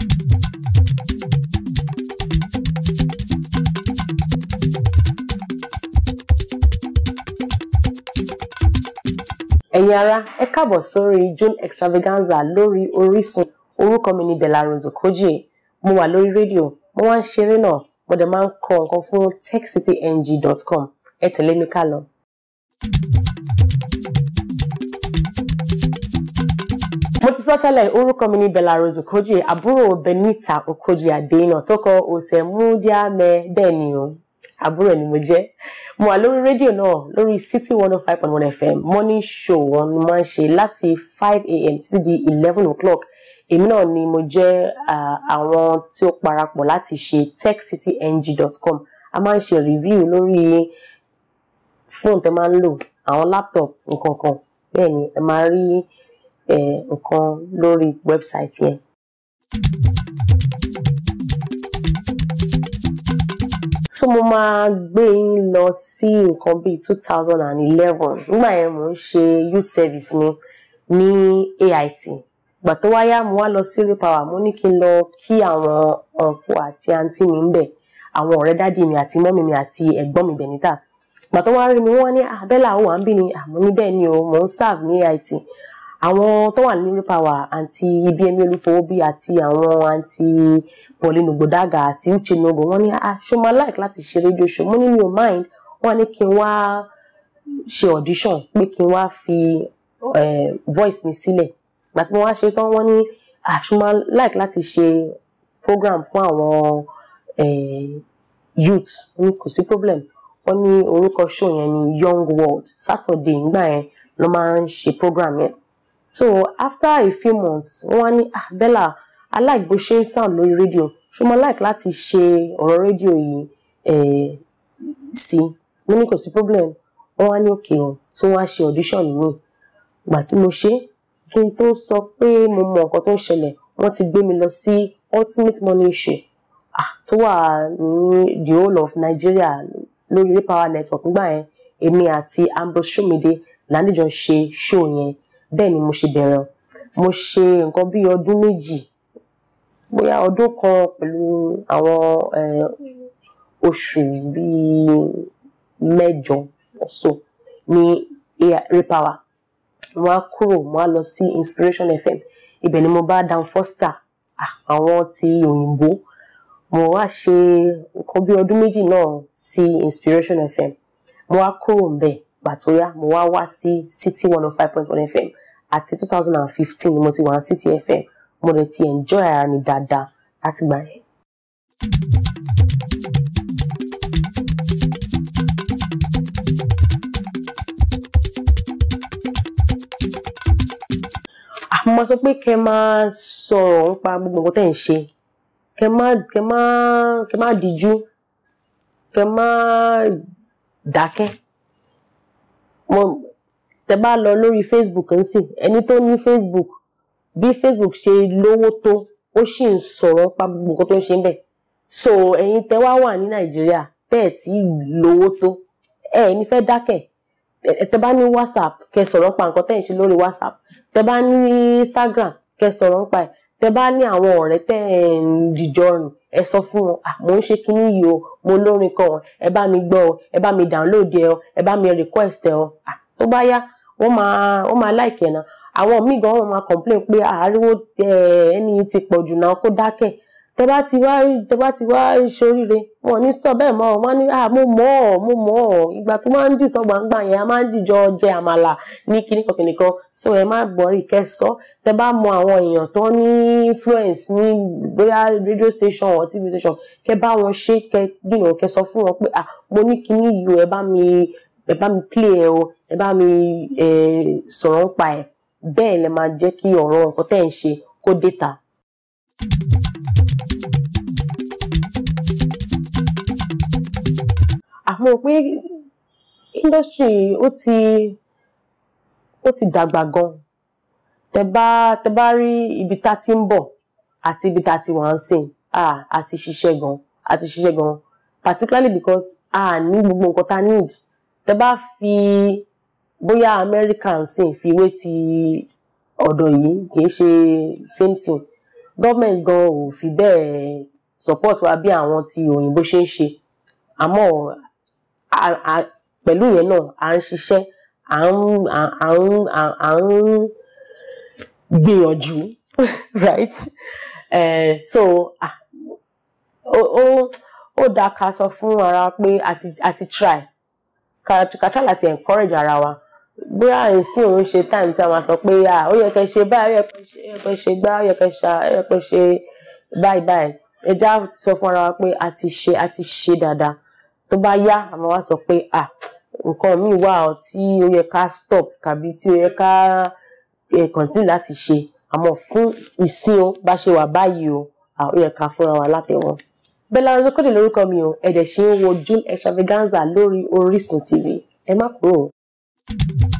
ẹ̀yin ará ẹ káàbọ̀ sórí June Extravaganza lórí Orísun orúkọ mi ni Belarose Okoje mo wà lórí rédíò mo wá ń ṣeré náà mo dẹ̀ máa ń kọ nǹkan fún techcityng.com ẹ tẹ̀lé mi ká lọ. thank you mo ti sọ tẹ́lẹ̀ orúkọ mi ní Belarose Okoje àbúrò Benita Okoje Adéyínà tó kọ Ọ̀sẹ̀múdíàmẹ́ bẹ́ẹ̀ ni o àbúrò ni mo jẹ́ mo wà lórí rédíò náà lórí City one oh five point one FM morning show wọn ni máa ń ṣe láti five a.m. títí di eleven o'clock èmi náà ni mo jẹ́ àwọn tí ó parapọ̀ láti ṣe techcityng.com a máa ń ṣe review lórí fóònù tẹ́ máa ń lò àwọn laptop nǹkan kan bẹ́ẹ̀ ni ẹ máa rí. nǹkan lórí website yẹn. so mo máa gbé yín lọ sí nǹkan bíi two thousand and eleven nígbà yẹn mò ń ṣe youth service mi ní AIT gbà tó wáyá mo wá lọ sí repower mo ní kí n lọ kí àwọn ọ̀nkù àti àǹtí mi ń bẹ̀ àwọn ọ̀rẹ́ dádì mi àti mọ́mì mi àti ẹ̀gbọ́n mi bẹ̀níta gbà tó wá rí mi wọ́n ní abẹ́là ah, ó wà ń bí ni àmọ́ ah, níbẹ̀ ni o mò ń serve ní AIT àwọn tó wà nínú power àǹtí Ibiemi Olúfowóbí àti àwọn àǹtí Paulline Ogbodaga àti Uche Nogo wọ́n ní ah, ṣọmọ like láti ṣe radio show mo ní mi ò mind wọ́n ní kí n wá ṣe audition pé kí n wá fi voice mi sílẹ̀ gbàtí mo wá ṣe tán wọ́n ní ah, ṣọmọ like láti ṣe program fún àwọn eh, youth kò sí problem wọ́n ní orúkọ show yẹn ni young world saturday nígbà yẹn ló máa ń ṣe program yẹn so after a few months wọ́n wá ah Bella I like bó ṣe ń sound lórí rédíò ṣó mo like láti ṣe ọ̀rọ̀ rédíò yìí eh, sí mo ní kò sí problem wọ́n wá ní òkè o tí wọ́n á ṣe audition mi ìgbà tí mo ṣe kí n tó sọ pé mo mọ nǹkan tó ń ṣẹlẹ̀ wọ́n ti gbé mi lọ sí ultimate money show ah tó wà ní the whole of Nigeria lórí power network nígbà yẹn èmi àti Ambrose Shomide làǹdíjọ ṣe show yẹn bẹ́ẹ̀ ni mo ṣe bẹ̀rẹ̀ mo ṣe nǹkan bí ọdún méjì bóyá ọdún kan pẹ̀lú àwọn oṣù bíi mẹ́jọ ọ̀sọ̀ ní repower mo á kúrò mo á lọ sí Inspiration FM ibẹ̀ ni mo bá Dan Foster àwọn ti òyìnbó mo wá ṣe nǹkan bí ọdún méjì náà sí Inspiration FM mo wá kúrò ńbẹ̀ ìgbà tó yá city one oh five point one fm àti two thousand and fifteen ni mo ti wà city fm mo lè ti enjoy ara mi dáadáa láti gbà yẹn. mo sọ pé kẹ máa sọ̀rọ̀ nípa gbogbo nǹkan tẹ̀ ń ṣe kẹ máa kẹ máa kẹ máa díjú kẹ máa dákẹ́ mo tẹ bá lọ lórí Facebook ń sìn ẹni tó ní Facebook bí Facebook ṣe lówó tó ó sì ń sọ̀rọ̀ pa gbogbo nǹkan tó ń ṣe ń bẹ̀ so ẹ̀yin tẹ wá wà ní Nàìjíríà tẹ́ ẹ̀ tí lówó tó ẹ̀ ní fẹ́ dákẹ́ tẹ bá ní WhatsApp kẹ sọ̀rọ̀ pa nǹkan tẹ́ ẹ̀ ń ṣe lórí WhatsApp tẹ bá ní Instagram kẹ sọ̀rọ̀ pa ẹ̀ tẹ bá ní àwọn ọ̀rẹ́ tẹ́ ẹ̀ ń dìjọ rìn ẹ sọ fún wọn à mò ń ṣe kinní yìí o mo lórin kan ẹ bá mi gbọ́ ẹ bá mi download ẹ o ẹ bá mi request ẹ o à tó bá yá wọ́n máa wọ́n máa like ẹ̀ náà àwọn míì gan wọ́n máa complain pé àáríwó ẹni yìí ti pọ̀ jù náà kó dákẹ́ tẹ bá ti wá tẹ bá ti wá ṣoríire wọn ò ní sọ bẹ́ẹ̀ mọ́ wọn ní ah mo mọ̀ ọ́ mo mọ̀ ọ́ ìgbà tó máa ń dì sọ gbangba yẹn a máa ń dìjọ jẹ àmàlà ní kíníkan kíníkan so ẹ má gbọ́rí kẹsọ́ tẹ bá mọ àwọn èèyàn tó ní influence ní bóyá radio station or tv station kẹ bá wọn ṣe kẹ gbìyànjú kẹ sọ fún wọn pé ah mo ní kíní yìí o ẹ bá mi ẹ bá mi play ẹ o ẹ bá mi sọ̀rọ̀ ń pa ẹ bẹ́ẹ̀ lẹ máa jẹ́ kí ọ̀rọ̀ nǹkan tẹ́ ń ṣe kó dé ta mo pé industry ó ti ó ti dàgbà gan tẹ bá tẹ bá rí ibi tá ti ń bọ̀ àti ibi tá ti wà ń sìn ah àti ṣiṣẹ́ gan àti ṣiṣẹ́ gan particularly because a ah, ní gbogbo nǹkan tá need tẹ bá fi bóyá America ń sìn fi wé ti ọ̀dọ̀ yìí kì í ṣe same thing government gan ò fi bẹ́ẹ̀ support wa bí àwọn ti òyìnbó ṣe ń ṣe àmọ́ pẹ̀lú ìyẹn náà à ń ṣiṣẹ́ à ń à ń à ń gbìyànjú right uh, so ó ó ó dáa ká sọ fún ara pé àti àti try ká ká try láti encourage ara wa bóyá ìsìn òun ṣe time tí a máa sọ pé ó yẹ kẹ́ ṣe báyìí ó yẹ kẹ́ ṣe gbá ó yẹ kẹ́ ṣá ó yẹ kẹ́ ṣe báyìí báyìí ẹja sọ fún ara wa pé a ti ṣe a ti ṣe dáadáa tó bá yá a máa wá sọ pé à nǹkan míì wà ọ tí ó yẹ ká stop tàbí tí ó yẹ ká continue láti ṣe àmọ́ fún ìsìn o bá ṣe wà báyìí o ó yẹ ká fúnra wa látẹ̀wọ̀n. Bella Runsonkojo lórúkọ mi o ẹ̀dẹ̀ ṣe ń wo June Extravaganza lórí Orísun TV ẹ má kúrò. thank you